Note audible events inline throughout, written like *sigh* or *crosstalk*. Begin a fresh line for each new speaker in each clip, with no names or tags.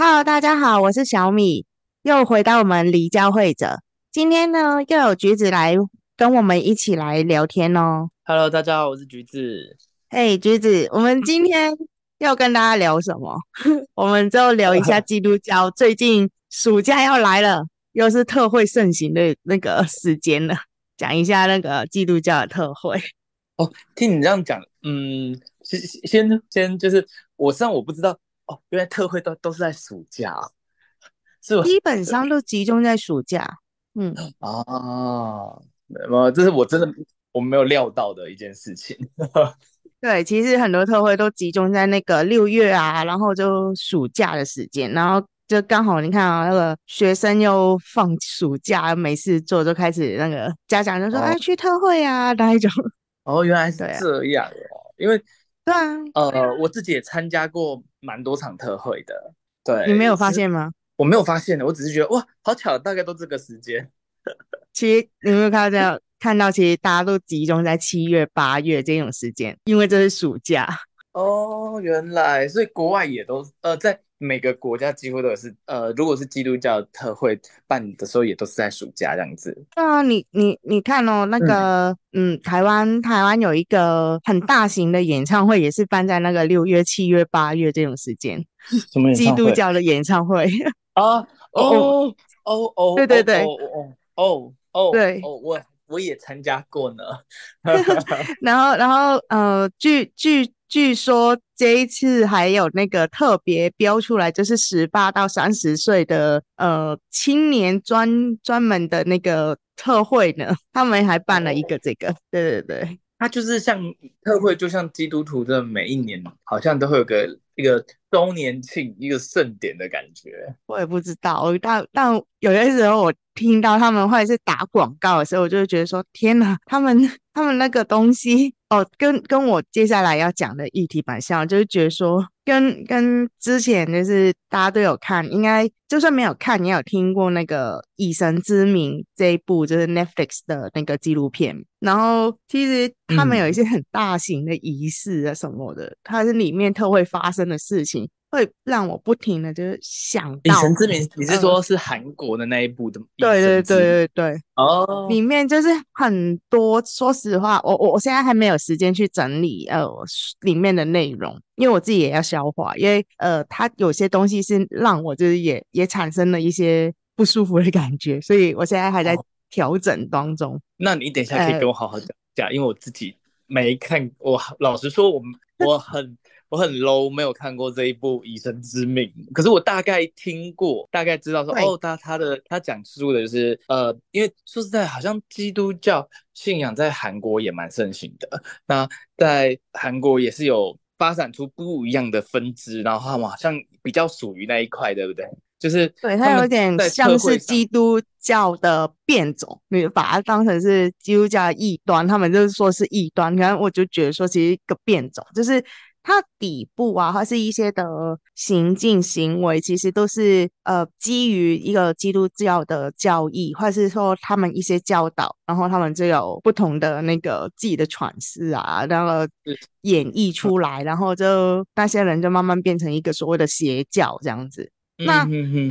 Hello，大家好，我是小米，又回到我們離教會者。今天呢，又有橘子來跟我們一起來聊天哦、喔。
Hello，大家好，我是橘子。嘿
，hey, 橘子，我們今天要跟大家聊什麼？ *laughs* 我們就聊一下基督教。最近暑假要來了，又是特會盛行的那個時間了，講一下那個基督教的特會。哦，聽你這樣講，嗯，先先先，就是
我雖然我不知道。哦，因為特會都都是在暑假。
啊，是，是基本上都集中在暑假，嗯，啊，我這是我
真的我沒有料到的一件事情。
*laughs* 對，其實很多特會都集中在那個六月啊，然後就暑假的時間，然後就剛好你看啊，那個學生又放暑假，沒事做，就開始那個家長就說，哦、哎，去特會啊，那一種。哦，原來是
這樣哦、啊，因為對啊，呃，我自己也參加過。蠻多場特會的，對，你沒有發現嗎？我沒有發現的，我只是覺得哇，好巧，大概都這個時間。
*laughs* 其實你有沒有看到這樣，看到其實大家都集中在七月、八月這種時間，因為這是暑假
哦，原來，所以國外也都呃在。每個國家幾乎都是，呃，如果是基督教特會辦的時候，也都是在暑假這樣子。
啊，你你你看哦，那個，嗯，嗯，台灣台灣有一個很大型的演唱會，也是辦在那個六月、七月、八月這種時間。什麼演唱會？基督教的演唱會。啊哦哦哦哦，對對對哦哦
哦哦對。哦，哦哦，對哦我我也參加過
呢。 *laughs* *laughs* 然後然後呃，據據。據說這一次還有那個特別標出來，就是十八到三十歲的呃青年專專門的那個特會呢，他們還辦了一個這個，對對對。他就是像
特會，就像基督徒的每一年，好像都會有個一個週年慶、一個盛典的感覺。
我也不知道，我但但有些時候我聽到他們或者是打廣告的時候，我就會覺得說：天哪，他們他們那個東西哦，跟跟我接下來要講的議題蠻像，就是覺得說。跟跟之前就是大家都有看，應該就算沒有看，你有聽過那個《以神之名》這一部，就是 Netflix 的那個紀錄片。然後其實他們有一些很大型的儀式啊什麼的，嗯、它是裡面特會發生的事情。會讓我不停的，就是想到《以神之名》。你是說是韓國
的那一部的、呃？對對對對對，
對，哦，oh. 裡面就是很多。說實話，我我我現在還沒有時間去整理呃裡面的內容，因為我自己也要消化，因為呃它有些東西是讓我就是也也產生了一些不舒服的感覺，所以我現在還在調整當中。Oh. 呃、那
你等一下可以給我好好講一下，呃、因為我自己沒看，我老實說我，我我很。 *laughs* 我很 low，沒有看過這一部《以神之名》，可是我大概聽過，大概知道說，對哦，他他的他講述的就是，呃，因為說實在，好像基督教信仰在韓國也蠻盛行的，那在韓國也是有發展出不一樣的分支，然後他們好像比較屬於那一塊，對不對？就是他對他有點像是基
督教的變種，你把它當成是基督教的異端，他們就說是異端，然後我就覺得說，其實一個變種就是。它底部啊，或是一些的行徑行為，其實都是呃基於一個基督教的教義，或是說他們一些教導，然後他們就有不同的那個自己的詮釋啊，然後演繹出來，然後就那些人就慢慢變成一個所謂的邪教這樣子。那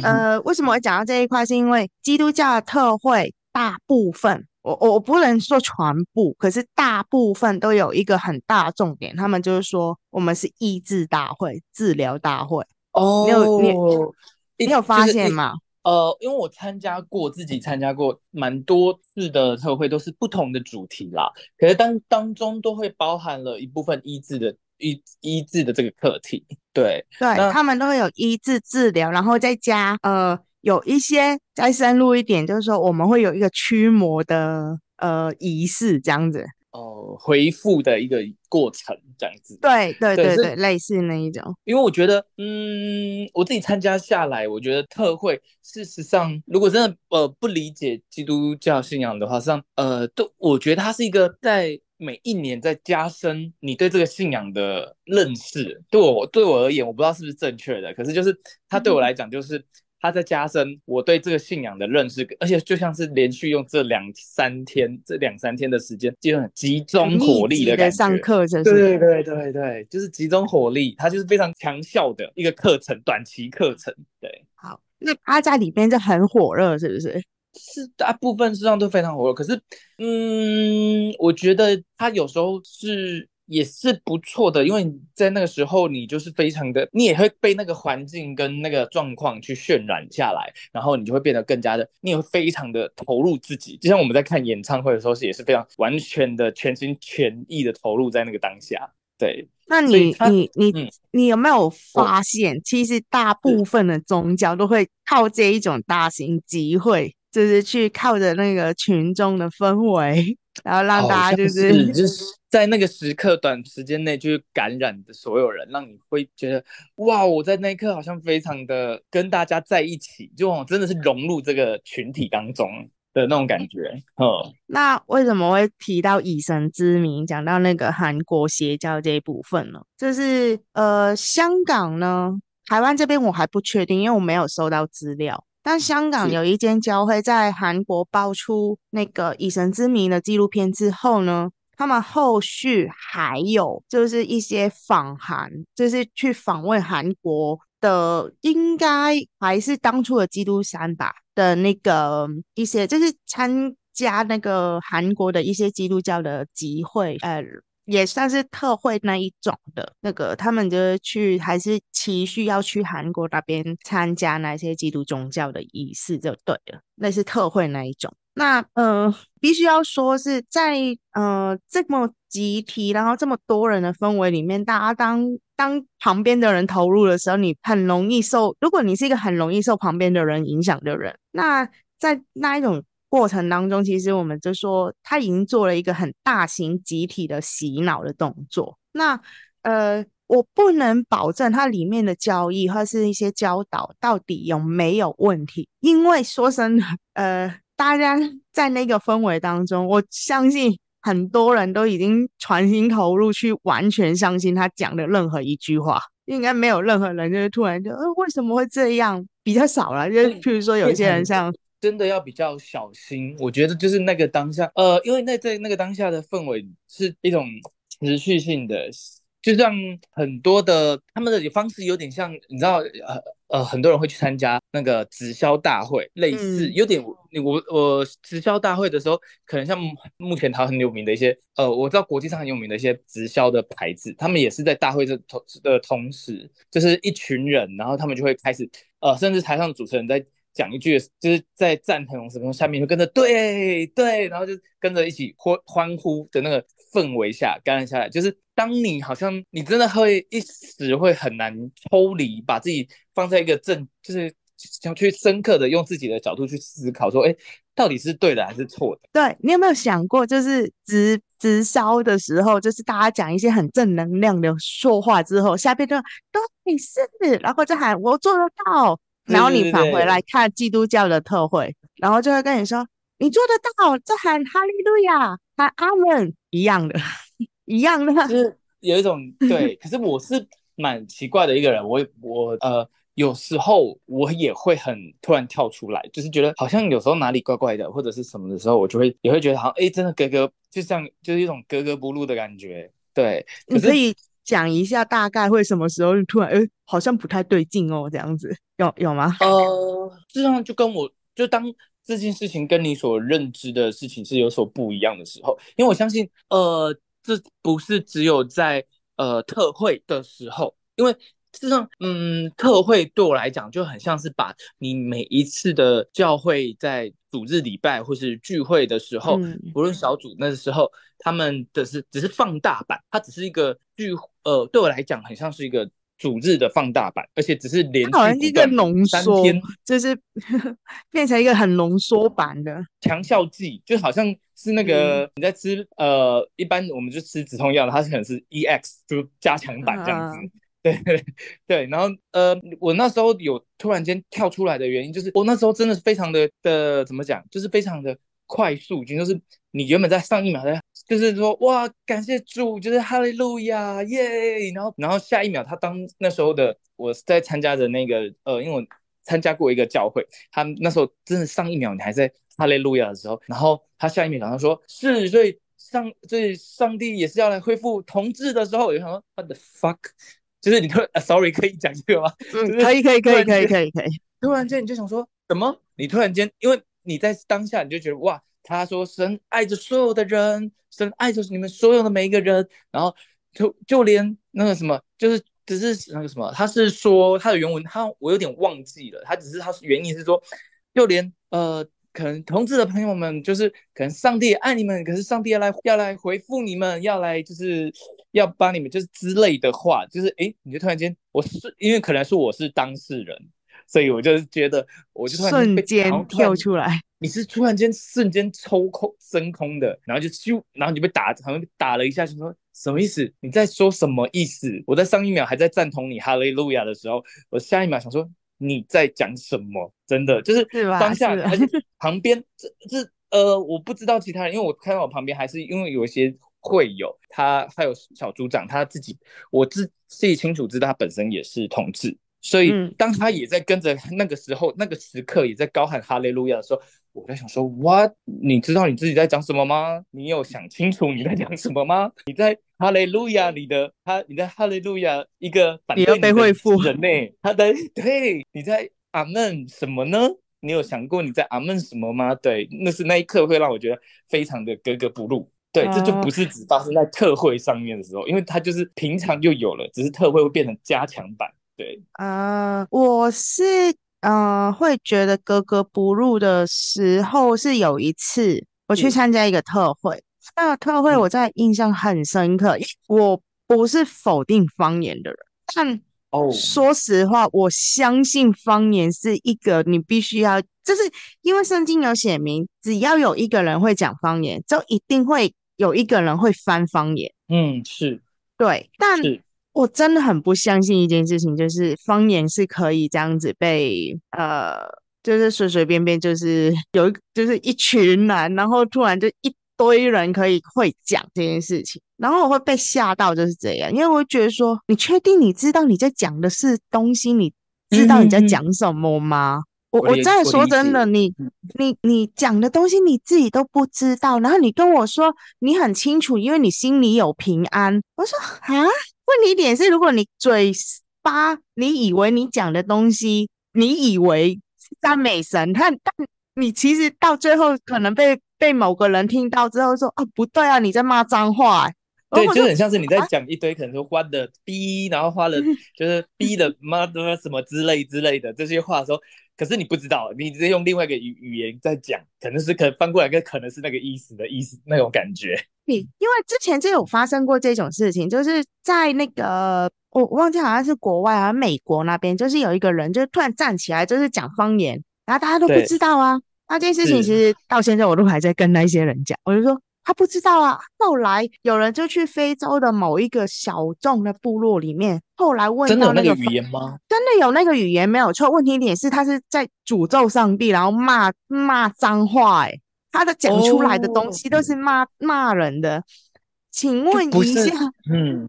呃為什麼會講到這一塊？是因為基督教的特會大部分。我我不能說全部，可是大部分都有一個很大重點，他們就是說我們是醫治大會、治療大會哦、oh。你有，欸，你沒有發現嗎，
欸？呃，因為我參加過自己參加過蠻多次的特會，都是不同的主題啦。可是當當中都會包含了一部分醫治的醫醫治的這個課題。對
對，那他們都會有醫治治療，然後再加呃。有一些再深入一點，就是說我們會有一個驅魔的呃儀式，這樣子哦，
回、呃、復的一個過程，這樣子，對對對對，對對是類
似那一種。因為
我覺得，嗯，我自己參加下來，我覺得特會。事實上，如果真的呃不理解基督教信仰的話，像呃都，我覺得它是一個在每一年在加深你對這個信仰的認識。對我對我而言，我不知道是不是正確的，可是就是它對我來講就是。嗯他在加深我對這個信仰的認識，而且就像是連續用這兩三天，這兩三天的時間就很集中火力的感覺。在上
課程，對對對對
對，就是集中火力，它就是非常強效的一個課程，短期課程。對，好，
那它在裡面就很火熱，是不是？是大部
分事實上都非常火熱，可是，嗯，我覺得它有時候是。也是不錯的，因為在那個時候，你就是非常的，你也會被那個環境跟那個狀況去渲染下來，然後你就會變得更加的，你也會非常的投入自己。就像我們在看演唱會的時候，是也是非常完全的、全心全意的投入在那個當下。對，
那你你你、嗯、你有沒有發現，其實大部分的宗教都會靠這一種大型集會，就是去靠着那個群眾的氛圍。然後讓大家就是、是 *laughs* 就是
在那個時刻，短時間內就感染的所有人，讓你會覺得哇，我在那一刻好像非常的跟大家在一起，就真的是融入這個群體當中的那種感覺。哦。
那為什麼會提到以神之名講到那個韓國邪教這一部分呢？就是呃，香港呢，台灣這邊我還不確定，因為我沒有收到資料。但香港有一間教會，在韓國爆出那個以神之名的紀錄片之後呢，他們後續還有就是一些訪韓，就是去訪問韓國的，應該還是當初的基督教吧的那個一些，就是參加那個韓國的一些基督教的集會、L，呃。也算是特會那一種的，那個他們就是去還是期許要去韓國那邊參加那些基督宗教的儀式就對了，那是特會那一種。那呃，必須要說是在呃這麼集體，然後這麼多人的氛圍裡面，大家當當旁邊的人投入的時候，你很容易受，如果你是一個很容易受旁邊的人影響的人，那在那一種過程當中，其實我們就說他已經做了一個很大型集體的洗腦的動作。那呃，我不能保證他裡面的交易或是一些教導到底有沒有問題，因為說真的，呃，大家在那個氛圍當中，我相信很多人都已經全心投入去完全相信他講的任何一句話，應該沒有任何人就是突然就，呃，為什麼會這樣？比較少了，對就是譬如說有些人像。
真的要比較小心，我覺得就是那個當下，呃，因為那在那個當下的氛圍是一種持續性的，就像很多的他們的方式有點像，你知道，呃呃，很多人會去參加那個直銷大會，類似有點，我我我直銷大會的時候，可能像目前他很有名的一些，呃，我知道國際上很有名的一些直銷的牌子，他們也是在大會的同的同時，就是一群人，然後他們就會開始，呃，甚至台上的主持人在。講一句，就是在贊同什麼時候下面就跟着對對，然後就跟着一起歡歡呼的那個氛圍下感染下來。就是當你好像你真的會一時會很難抽離，把自己放在一個正，就是要去深刻的用自己的角度去思考說，說、欸、哎，到底是對的還是錯的？
對，你有沒有想過，就是直直銷的時候，就是大家講一些很正能量的說話之後，下邊都都沒事，然後再喊我做得到。然後你返回來看基督教的特會，對對對對，然後就會跟你說，你做得到，這喊哈利路亞，喊阿門一樣的，一樣的。呵呵，樣的就
是有一種對， *laughs* 可是我是蠻奇怪的一個人，我我呃，有時候我也會很突然跳出來，就是覺得好像有時候哪裡怪怪的，或者是什麼的時候，我就會也會覺得，好像哎、欸，真的格格，就像就是一種格格不入的感覺。
對，可是你可以。講一下大概會什麼時候突然哎，好像不太對勁哦，這樣子有有嗎？
呃，事實上就跟我就當這件事情跟你所認知的事情是有所不一樣的時候，因為我相信，呃，這不是只有在呃特會的時候，因為事實上，嗯，特會對我來講就很像是把你每一次的教會，在主日禮拜或是聚會的時候，無、嗯、論小組那時候他們的是只是放大版，它只是一個聚會。呃，對我來講，很像是一個主日的放大版，而且只是連續三天好像一個濃縮，
就是呵呵變成一個很濃縮版的
強效劑，就好像是那個、嗯、你在吃呃，一般我們就吃止痛藥的，它是可能是 EX，就是加強版這樣子。啊、對對，然後呃，我那時候有突然間跳出來的原因，就是我那時候真的是非常的的、呃、怎麼講，就是非常的快速，就是你原本在上一秒在。就是說，哇，感謝主，就是哈利路亞，耶！然後，然後下一秒，他當那時候的我在參加的那個，呃，因為我參加過一個教會，他那時候真的上一秒你還在哈利路亞的時候，然後他下一秒然後說是，所以上，所以上帝也是要來恢復統治的時候，我就想說，what the fuck？就是你突然、啊、，sorry，可以講這個嗎？嗯、 *laughs* 可以可以，可以，可以，可以，
可以，突然間你就想說，
什麼？你突然間，因為你在當下你就覺得，哇！他說：“神愛着所有的人，神愛着你們所有的每一個人，然後就就連那個什麼，就是只是那個什麼，他是說他的原文，他我有點忘記了。他只是他原因是說，就連呃，可能同志的朋友們，就是可能上帝也愛你們，可是上帝要來要來回復你們，要來就是要幫你們，就是之類的話，就是哎、欸，你就突然間我是因為可能是我是當事人，所以我就是覺得我就突然間瞬間跳出
來。”你是
突然間瞬間抽空升空的，然後就咻，然後你被打，好像被打了一下，就說什麼意思？你在說什麼意思？我在上一秒還在贊同你“哈利路亞”的時候，我下一秒想說你在講什麼？真的就是當下，是是還是旁邊 *laughs* 這這，這呃，我不知道其他人，因為我看到我旁邊還是因為有一些會友，他還有小組長他自己，我自自己清楚知道他本身也是同志，所以當他也在跟着那個時候、嗯、那個時刻也在高喊“哈利路亞”的時候。我在想說，What？你知道你自己在講什麼嗎？你有想清楚你在講什麼嗎？你在哈利路亞，裡的他，你在哈利路亞，一個反你要被恢復人類，他的對，你在阿門什麼呢？你有想過你在阿門什麼嗎？對，那是那一刻會讓我覺得非常的格格不入。對，這就不是只發生在特會上面的時候，uh, 因為他就是平常就有了，只是特會會變成加強版。對
啊，uh, 我是。嗯、呃，會覺得格格不入的時候是有一次，我去參加一個特會。嗯、那特會我在印象很深刻，嗯、我不是否定方言的人，但說實話，哦、我相信方言是一個你必須要，就是因為聖經有寫明，只要有一個人會講方言，就一定會有一個人會翻方言。嗯，是對，但。我真的很不相信一件事情，就是方言是可以這樣子被呃，就是隨隨便便，就是有一就是一群人，然後突然就一堆人可以會講這件事情，然後我會被嚇到，就是這樣。因為我覺得說，你確定你知道你在講的是東西？你知道你在講什麼嗎？嗯、哼哼我我在說真的，你你你講的東西你自己都不知道，然後你跟我說你很清楚，因為你心裡有平安。我說啊。問題點是，如果你嘴巴，你以為你講的東西，你以為是讚美神，但但你其實到最後可能被被某個人聽到之後說啊，哦，不對啊，你在罵髒話，欸。對，哦、就很像是你在講
一堆可能說關的逼，然後花了就是逼的媽的什麼之類之類的這些話的時候， *laughs* 可是你不知道，你直接用另外一個語語言在講，可能是可能翻過來，可能可能是那個意思的意思那種感覺。
對，因為之前就有發生過這種事情，就是在那個我忘記好像是國外還、啊、是美國那邊，就是有一個人就是突然站起來就是講方言，然後大家都不知道啊。那對、啊、件事情其實是到現在我都還在跟那些人講，我就說。他不知道啊。後來有人就去非洲的某一個小眾的部落裡面，後來問到真的有那個語言嗎？真的有那個語言沒有錯。問題點是，他是在詛咒上帝，然後罵罵髒話、欸。他的講出來的東西都是罵、oh, 罵人的。請問一下，嗯，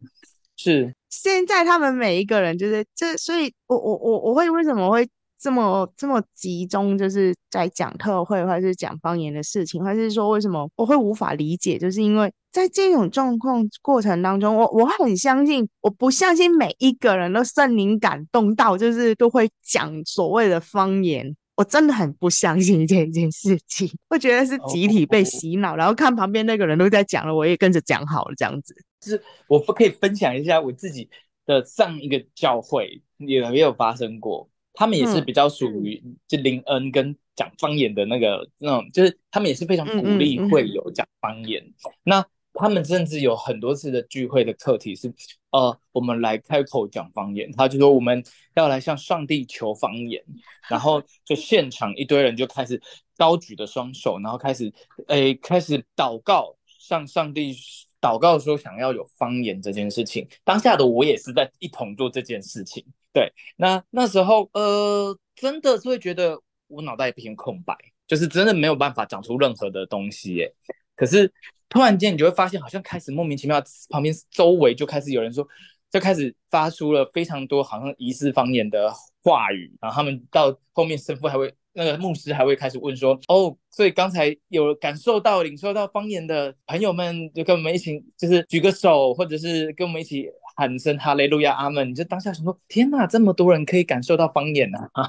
是
現在他們每一個人就是這，所以我我我我會為什麼會？這麼這麼集中，就是在講特會，或者是講方言的事情，還是說為什麼我會無法理解？就是因為在這種狀況過程當中，我我很相信，我不相信每一個人都聖靈感動到，就是都會講所謂的方言。我真的很不相信這件事情，我覺得是集體被洗腦，哦哦、然後看旁邊那個人都在講了，我也跟着講好了，這樣子。就
是，我可以分享一下我自己的上一個教會有沒有發生過？他們也是比較屬於就靈恩跟講方言的那個那種，就是他們也是非常鼓勵會有講方言，嗯。嗯嗯、那他們甚至有很多次的聚會的課題是，呃，我們來開口講方言。他就說我們要來向上帝求方言，然後就現場一堆人就開始高舉著雙手，然後開始誒、欸、開始禱告，向上帝禱告說想要有方言這件事情。當下的我也是在一同做這件事情。對，那那時候，呃，真的是會覺得我腦袋一片空白，就是真的沒有辦法講出任何的東西哎。可是突然間，你就會發現，好像開始莫名其妙，旁邊周圍就開始有人說，就開始發出了非常多好像疑似方言的話語。然後他們到後面，神父還會那個牧師還會開始問說，哦，所以剛才有感受到、領受到方言的朋友們，就跟我們一起，就是舉個手，或者是跟我們一起。喊聲哈雷路亞阿門，你就當下想說天哪，這麼多人可以感受到方言呢？啊，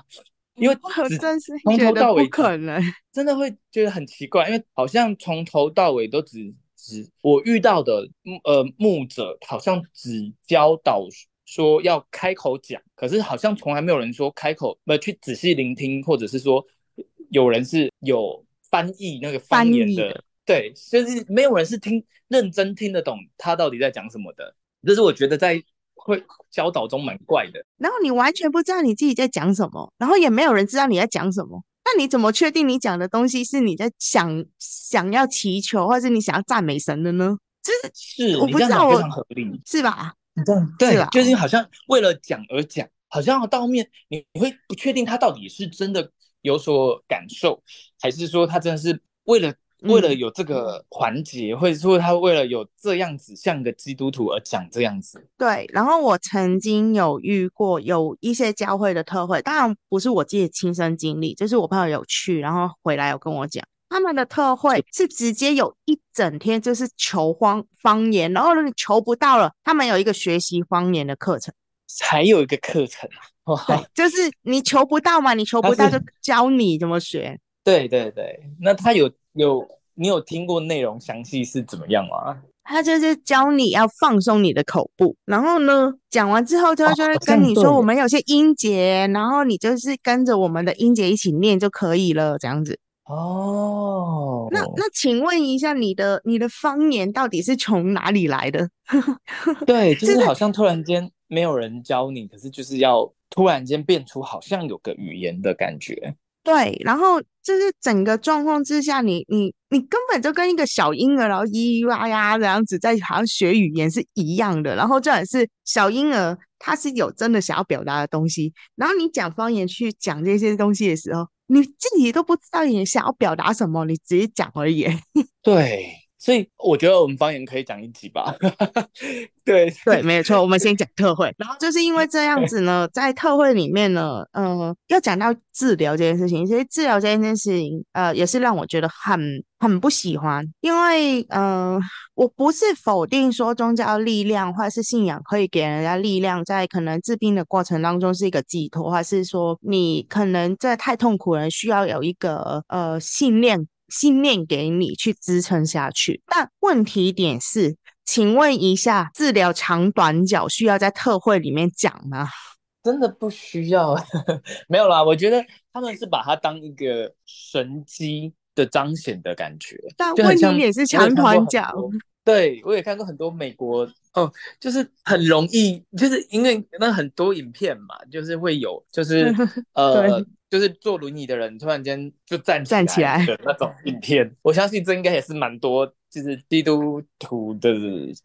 因為從頭到尾
可能真的會覺得很奇怪，因為好像從頭到尾都只只我遇到的呃牧者好像只教導說要開口講，可是好像從來沒有人說開口，沒去仔細聆聽，或者是說有人是有翻譯那個方言的。的對，就是沒有人是聽認真聽得懂他到底在講什麼的。這是我覺得在會教導中蠻怪的，
然後你完全不知道你自己在講什麼，然後也沒有人知道你在講什麼，那你怎麼確定你講的東西是你在想想要祈求，或者你想要讚美神的呢？就是，
是我不知道我，非常合理是吧？你對，是吧，就是好像為了講而講，好像到後面你你會不確定他到底是真的有所感受，還是說他真的是為了。為了有這個環節，或者說、嗯、他為了有這樣子像個基督徒而講這樣子。
對，然後我曾經有遇過有一些教會的特會，當然不是我自己的親身經歷，就是我朋友有去，然後回來有跟我講，他們的特會是直接有一整天就是求方方言，然後你求不到了，他們有一個學習方言的課程，
還有一個課程啊，哇，
就是你求不到嘛，你求不到是就教你怎麼學。
對對對，那他有。嗯有你有聽過內容詳細是怎麼樣嗎？
他就是教你要放鬆你的口部，然後呢講完之後，他就會跟你說我們有些音節，哦、然後你就是跟着我們的音節一起念就可以了，這樣子。哦，那那請問一下，你的你的方言到底是從哪裡來的？
*laughs* 對，就是好像突然間沒有人教你，可是就是要突然間變出好像有個語言的感覺。
對，然後就是整個狀況之下你，你你你根本就跟一個小嬰兒，然後咿咿呀呀這樣子在好像學語言是一樣的。然後這也是小嬰兒，他是有真的想要表達的東西。然後你講方言去講這些東西的時候，你自己都不知道你想要表達什麼，你直接講而已。
*laughs* 對。所以我覺得我們方言可以講一集
吧， *laughs* 對對， *laughs* 沒有錯。我們先講特會， *laughs* 然後就是因為這樣子呢，在特會裡面呢，嗯、呃，要講到治療這件事情，其實治療這件事情，呃，也是讓我覺得很很不喜歡，因為呃，我不是否定說宗教力量或者是信仰可以給人家力量，在可能治病的過程當中是一個寄托，或是說你可能在太痛苦了，需要有一個呃信念。信念給你去支撐下去，但問題點是，請問一下，治療長短腳需要在特會裡面講嗎？
真的不需要呵呵，沒有啦。我覺得他們是把它當一個神蹟的彰顯的感覺。 *laughs* 但問題點是長短腳？對，我也看過很多美國哦，就是很容易，就是因為那很多影片嘛，就是會有，就是 *laughs* 呃。就是坐輪椅的人突然間就站站起來的那種影片。起我相信這應該也是蠻多，就是基督徒的，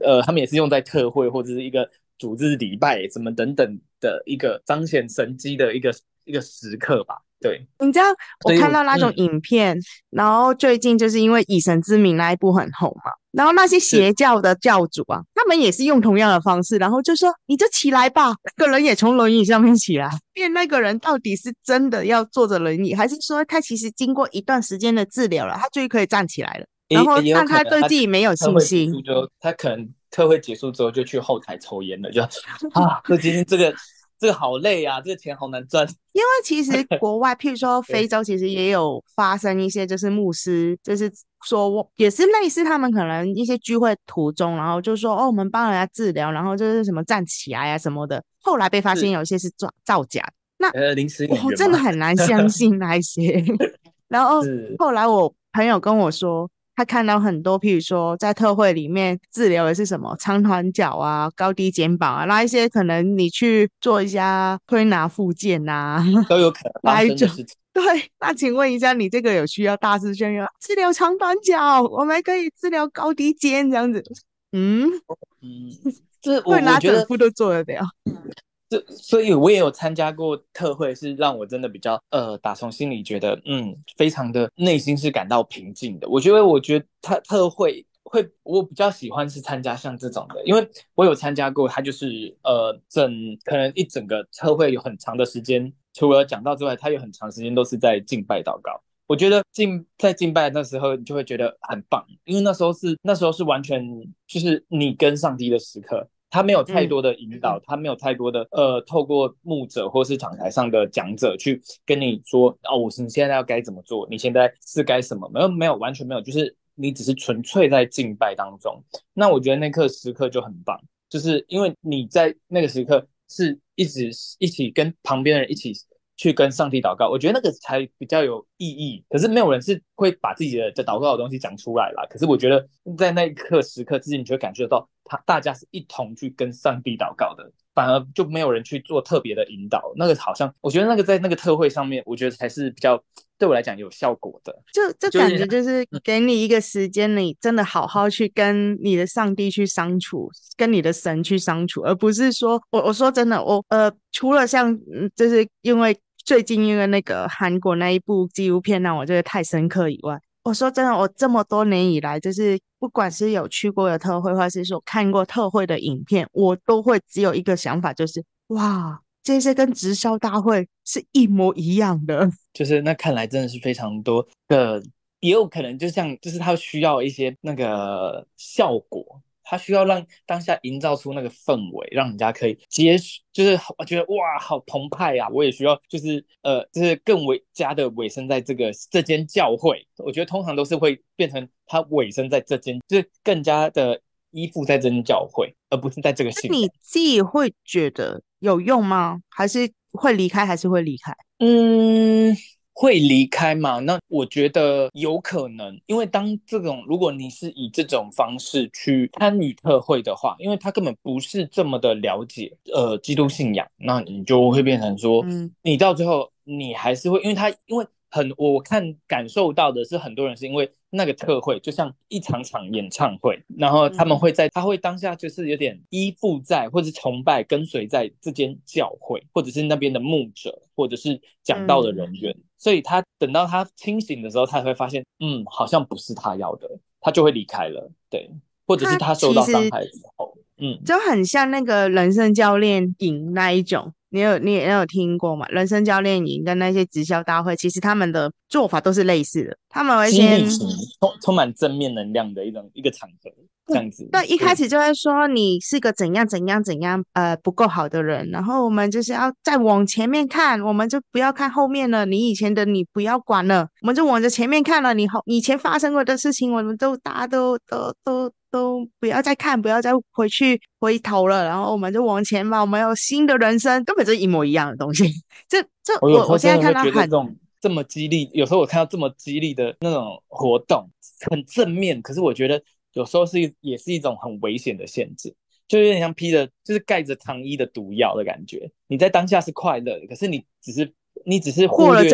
呃，他們也是用在特會或者是一個主日禮拜，什麼等等的一個彰顯神蹟的一個一個時刻吧。對，
你知道我看到那種影片，嗯、然後最近就是因為以神之名那一部很紅嘛。然後那些邪教的教主啊，是他們也是用同樣的方式，然後就說：“你就起來吧。”個人也從輪椅上面起來，變那個人到底是真的要坐着輪椅，還是說他其實經過一段時間的治療了，他終於可以站起來了？然後讓他對自己沒有信心，
可他，就他可能特會結束之後就去後台抽煙了，就啊，那今天這個。 *laughs* 這個好累啊，這個錢好難賺。
因為其實國外，譬如說非洲，其實也有發生一些，就是牧師，就是說我也是類似他們可能一些聚會途中，然後就說哦，我們幫人家治療，然後就是什麼站起來呀、啊、什麼的，後來被發現有一些是造造假。是那
呃，臨時我真的很難相信
那些。 *laughs* 然後後來我朋友跟我說。他看到很多，譬如說，在特會裡面治療的是什麼長短腳啊、高低肩膀啊，那一些可能你去做一下推拿復健吶，都
有可能發生
的事情。 *laughs* 對，那請問一下，你這個有需要大肆宣揚治療長短腳，我們可以治療高低肩這樣子。嗯嗯，這、就是、我覺得 *laughs* 整副都做得了。
所以，我也有參加過特會，是讓我真的比較呃，打從心裡覺得，嗯，非常的內心是感到平靜的。我覺得，我覺得他特會會，我比較喜歡是參加像這種的，因為我有參加過，他就是呃，整可能一整個特會有很長的時間，除了講道之外，他有很長時間都是在敬拜禱告。我覺得敬在敬拜的那時候，你就會覺得很棒，因為那時候是那時候是完全就是你跟上帝的時刻。他沒有太多的引導，嗯、他沒有太多的呃，透過牧者或是講台上的講者去跟你說，哦，我是你現在要該怎麼做，你現在是該什麼？沒有，沒有，完全沒有，就是你只是純粹在敬拜當中。那我覺得那刻時刻就很棒，就是因為你在那個時刻是一直一起跟旁邊的人一起。去跟上帝禱告，我覺得那個才比較有意義。可是沒有人是會把自己的禱告的東西講出來啦。可是我覺得在那一刻時刻，自己你就會感覺到他大家是一同去跟上帝禱告的，反而就沒有人去做特別的引導。那個好像我覺得那個在那個特會上面，我覺得才是比較對我來講有效果的。
就就感覺就是給你一個時間，你真的好好去跟你的上帝去相處，嗯、跟你的神去相處，而不是說我我說真的，我呃除了像、嗯、就是因為。最近因為那個韓國那一部紀錄片讓我覺得太深刻以外，我說真的，我這麼多年以來，就是不管是有去過的特會，或是說看過特會的影片，我都會只有一個想法，就是哇，這些跟直銷大會是一模一樣的，就是那看來真的是非常多的，
也有可能就像就是它需要一些那個效果。他需要讓當下營造出那個氛圍，讓人家可以接，就是我覺得哇，好澎湃呀，啊！我也需要，就是呃，就是更加的委身在這個這間教會。我覺得通常都是會變成他委身在這間，就是更加的依附在這間教會，而不是在這個。你自己會覺得
有用嗎？還是會離開？還是會離開？嗯。
會離開嗎？那我覺得有可能，因為當這種如果你是以這種方式去參與特會的話，因為他根本不是這麼的了解，呃，基督信仰，那你就會變成說，你到最後你還是會，嗯、因為他因為很我看感受到的是，很多人是因為那個特會就像一場場演唱會，然後他們會在、嗯、他會當下就是有點依附在或是崇拜跟隨在這間教會，或者是那邊的牧者或者是講道的人員。嗯所以他等到他清醒的時候，他才會發現，嗯，好像不是他要的，他就會離開了。對，或者是他受到傷害之後，嗯，
就很像那個人生教練營那一種，你有你也有聽過嗎？人生教練營跟那些直銷大會，其實他們的做法都是類似的。他們為充
充滿正面能量的一種一個場合，這樣子。對，對一開始
就會說你是個怎樣怎樣怎樣，呃，不夠好的人。然後我們就是要再往前面看，我們就不要看後面了。你以前的你不要管了，嗯、我們就往着前面看了。你後以前發生過的事情，我們都大家都都都都，都不要再看，不要再回去回頭了。然後我們就往前吧，我們有新的人生，根本就是一模一樣的東西。這 *laughs* 這，我、哦、我現在看到很，哦他
這麼激勵，有時候我看到這麼激勵的那種活動，很正面。可是我覺得有時候是，也是一種很危險的限制，就有點像披着，就是蓋着糖衣的毒藥的感覺。你在當下是快樂的，可是你只是你只是忽略忽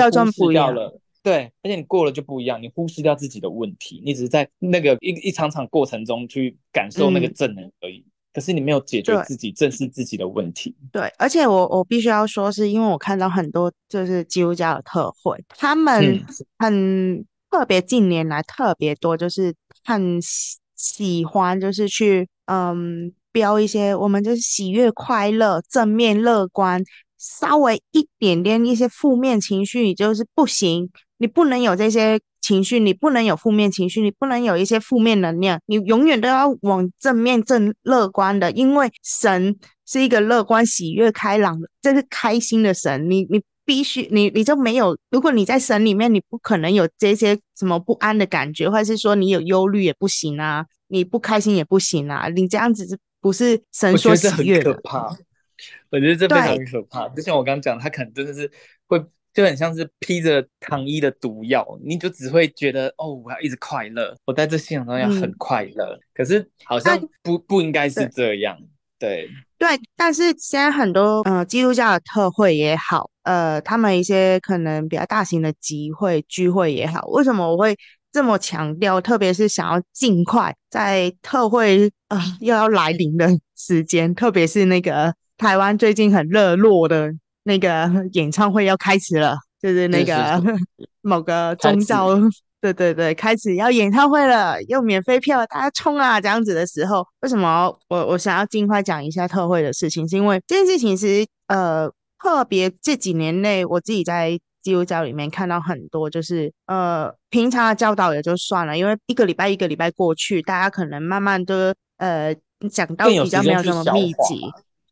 視掉了，了對，而且你過了就不一樣，你忽視掉自己的問題，你只是在那個一一場場過程中去感受那個正能量而已。可是你沒有解決自己、對正視自己的問題。
對，而且我我必須要說，是因為我看到很多就是基督教的特會，他們很特別，近年來特別多，就是很喜歡就是去嗯標一些，我們就是喜悅、快樂、正面、樂觀，稍微一點點一些負面情緒就是不行，你不能有這些。情緒，你不能有負面情緒，你不能有一些負面能量，你永遠都要往正面、正樂觀的，因為神是一個樂觀、喜悅、開朗，這是開心的神。你你必須你你就沒有，如果你在神裡面，你不可能有這些什麼不安的感覺，或者是說你有憂慮也不行啊，你不開心也不行啊，你這樣子不是神說喜悅的，我覺得這很可
怕，我覺得這非常可怕。對就像我剛剛講，他可能真的是會。就很像是披着糖衣的毒藥，你就只會覺得哦，我要一直快樂，我在這信仰中要很快樂。嗯、可是好像不但不應該是這樣，對對，
對。但是現在很多呃基督教的特會也好，呃，他們一些可能比較大型的集會聚會也好，為什麼我會這麼強調？特別是想要盡快在特會啊、呃、又要來臨的時間，特別是那個台灣最近很熱絡的。那個演唱會要開始了，就是那個是 *laughs* 某個宗宗教始， *laughs* 對對對，開始要演唱會了，又免費票，大家衝啊！這樣子的時候，為什麼我我想要盡快講一下特會的事情？是因為這件事情其實呃特別這幾年內，我自己在基督教裡面看到很多，就是呃平常的教導也就算了，因為一個禮拜一個禮拜過去，大家可能慢慢都呃講到比較沒有那麼密集。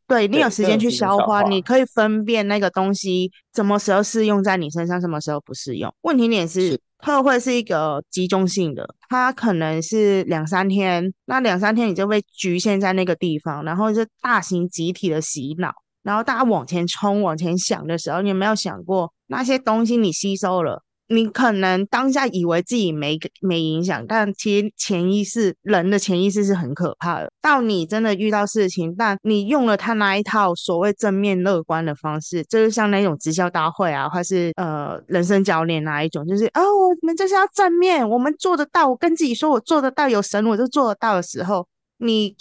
對，你有時間去消化，你可以分辨那個東西什麼時候適用在你身上，什麼時候不適用。問題點是，是的，特會是一個集中性的，它可能是兩三天，那兩三天你就被局限在那個地方，然後是大型集體的洗腦，然後大家往前衝、往前想的時候，你有沒有想過那些東西你吸收了？你可能當下以為自己沒沒影響，但其實潛意識，人的潛意識是很可怕的。到你真的遇到事情，但你用了他那一套所謂正面樂觀的方式，就是像那種直銷大會啊，或是呃人生教練那一種，就是哦，我們就是要正面，我們做得到，我跟自己說我做得到，有神我就做得到的時候，你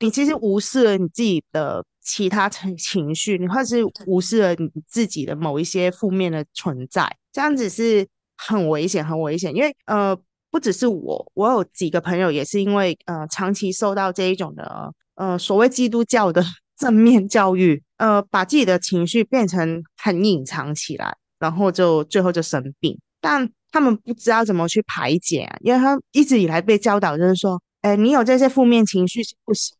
你其實無視了你自己的。其他情情緒，你或者是無視了你自己的某一些負面的存在，對這樣子是很危險，很危險。因為呃，不只是我，我有幾個朋友也是因為呃長期受到這一種的呃所謂基督教的正面教育，呃，把自己的情緒變成很隱藏起來，然後就最後就生病，但他們不知道怎麼去排解啊，因為他一直以來被教導就是說，哎，你有這些負面情緒是不行。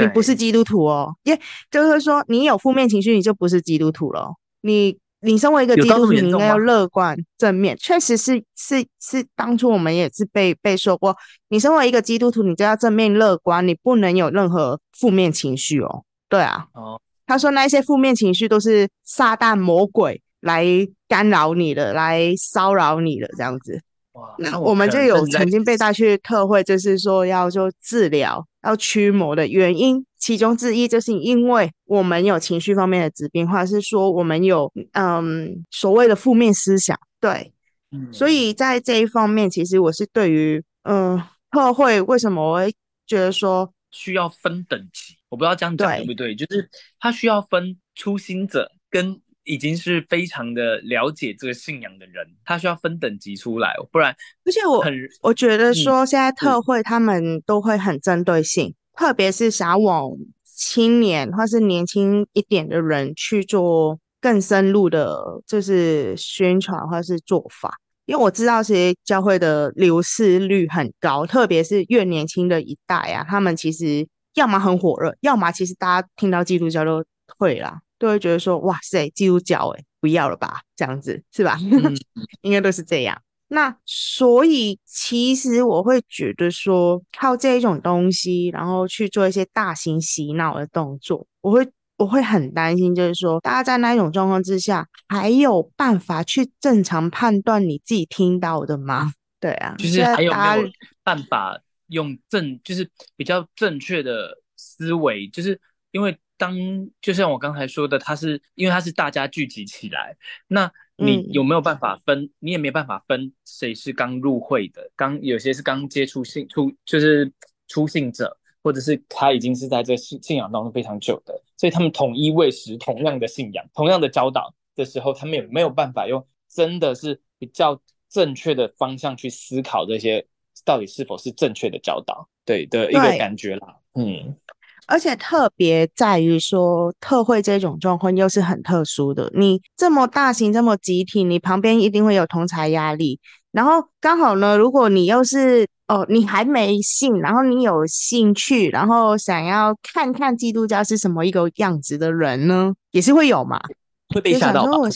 你不是基督徒哦，耶對，yeah, 就是說你有負面情緒，你就不是基督徒了。你你身為一個基督徒，嗯，你應該要樂觀正面。確實是是是，是是當初我們也是被被說過，你身為一個基督徒，你就要正面樂觀，你不能有任何負面情緒哦。對啊，哦，他說那些負面情緒都是撒旦魔鬼來干擾你的，來騷擾你的這樣子。哇，那我，那我們就有曾經被帶去特會，就是說要做治療。嗯要驅魔的原因其中之一，就是因為我們有情緒方面的疾病，或者是說我們有嗯所謂的負面思想，對。嗯，所以在這一方面，其實我是對於嗯特會為什麼我會覺得說需
要分等級，我不知道這樣講對不對，對，就是他需要分初心者跟。已經是非常的了解這個信仰的人，他需要分等級出來、哦，不然。
而且我很，我覺得說現在特會他們都會很針對性，嗯、對特別是想往青年或是年輕一點的人去做更深入的，就是宣傳或是做法。因為我知道，其實教會的流失率很高，特別是越年輕的一代啊，他們其實要麼很火熱，要麼其實大家聽到基督教都退了。都會覺得說，哇塞，基督教哎，不要了吧，這樣子是吧？嗯、 *laughs* 應該都是這樣。那所以其實我會覺得說靠這一種東西，然後去做一些大型洗腦的動作，我會我會很擔心，就是說大家在那一種狀況之下，還有辦法去正常判斷你自己聽到的嗎？嗯、對啊，就是還有沒
有辦法用正，就是比較正確的思維？就是因為。當就像我剛才說的，他是因為他是大家聚集起來，那你有沒有辦法分？嗯、你也沒辦法分誰是剛入會的，剛有些是剛接觸信出，就是初信者，或者是他已經是在這信信仰當中非常久的，所以他們統一餵食同樣的信仰，同樣的教導的時候，他們也沒有辦法用真的是比較正確的方向去思考這些到底是否是正確的教導，對的一個感覺啦，對嗯。
而且特別在於說，特會這種狀況又是很特殊的。你這麼大型、這麼集體，你旁邊一定會有同儕壓力。然後剛好呢，如果你又是哦，你還沒信，然後你有興趣，然後想要看看基督教是什麼一個樣子的人呢，也是會有嘛，會被嚇到。有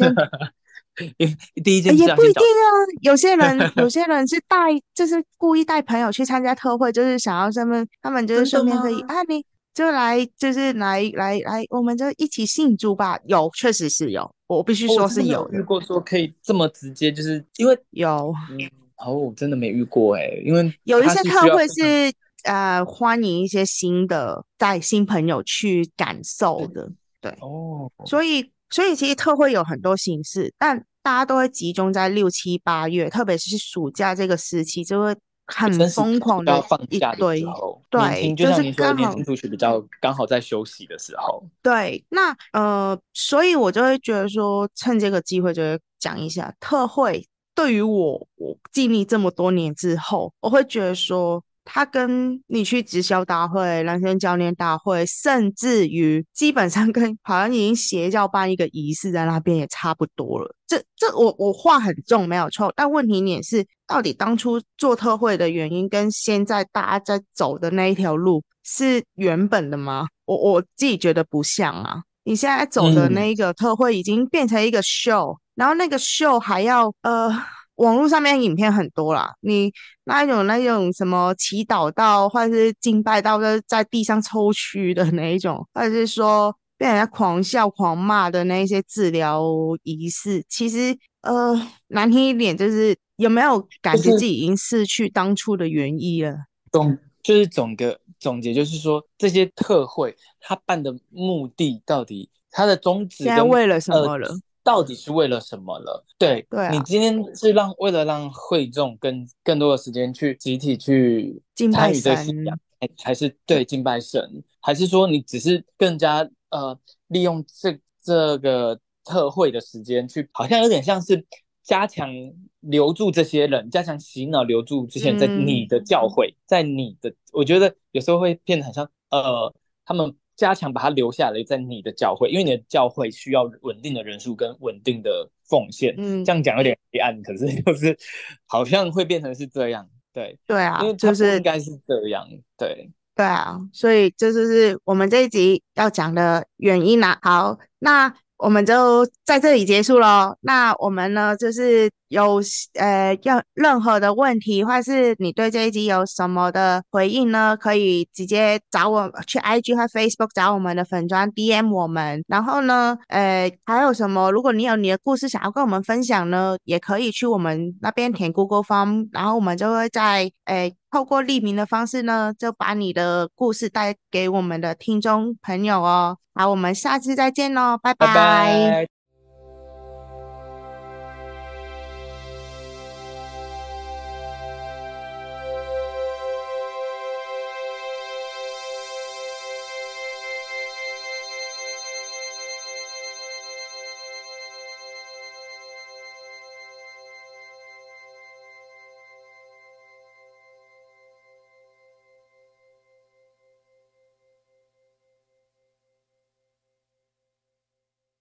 *laughs* 第一件事也不一定啊。
有些人，有些人是帶，就是故意帶朋友去參加特會，就是想要身份，他們就是順便可以啊，你。就來，就是來來來，我們就一起慶祝吧。有，確實是有，我必須說是有的。哦、
真的沒有遇過說可以這麼直接，就是因為有、嗯。哦，真的沒遇過哎、欸，因為有一些特會
是呃歡迎一些新的帶新朋友去感受的，對。
哦對。Oh.
所以，所以其實特會有很多形式，但大家都會集中在六七八月，特別是暑假這個時期就會。很瘋狂的一堆放假的時候，對，就是剛
好出去比較剛好在休息的時候，
對。那呃，所以我就會覺得說，趁這個機會，就會講一下特會。對於我，我經歷這麼多年之後，我會覺得說。他跟你去直銷大會、人生教練大會，甚至於基本上跟好像已經邪教辦一個儀式在那邊也差不多了。這這我，我我話很重，沒有錯。但問題一點是，到底當初做特會的原因跟現在大家在走的那一條路是原本的嗎？我我自己覺得不像啊。你現在走的那一個特會已經變成一個秀，嗯、然後那個秀還要呃。網絡上面影片很多啦，你那一種、那一種什麼祈禱到，或者是敬拜到，或者在地上抽搐的那一種，或者是說被人家狂笑狂罵的那一些治療儀式，其實呃難聽一點，就是有沒有感覺自己已經失去當初的原意了？
總，就是總個總結就是說，這些特會他辦的目的到底，他的宗旨是為了什麼了？到底是為了什麼了？對，對、啊、你今天是讓為了讓會眾跟更多的時間去集體去參與的信仰，還是對敬拜神，還是說你只是更加呃利用這這個特會的時間去，好像有點像是加強留住這些人，加強洗腦留住之前在你的教會，嗯、在你的，我覺得有時候會變得很像呃他們。加強把他留下來在你的教會，因為你的教會需要穩定的人數跟穩定的奉獻。嗯，這樣講有點黑暗，可是就是好像會變成是這樣。對對啊，就是應該是這樣。就是、對
對啊，所以這就是是我們這一集要講的原因啦。好，那我們就在這裡結束嘍。那我們呢，就是。有呃，要任何的問題，或者是你對這一集有什麼的回應呢？可以直接找我去 IG 或 Facebook 找我們的粉專 DM 我們。然後呢，呃，還有什麼？如果你有你的故事想要跟我們分享呢，也可以去我們那邊填 Google Form。然後我們就會在呃，透過匿名的方式呢，就把你的故事帶給我們的聽眾朋友哦。好，我們下次再見嘍，拜拜。拜拜。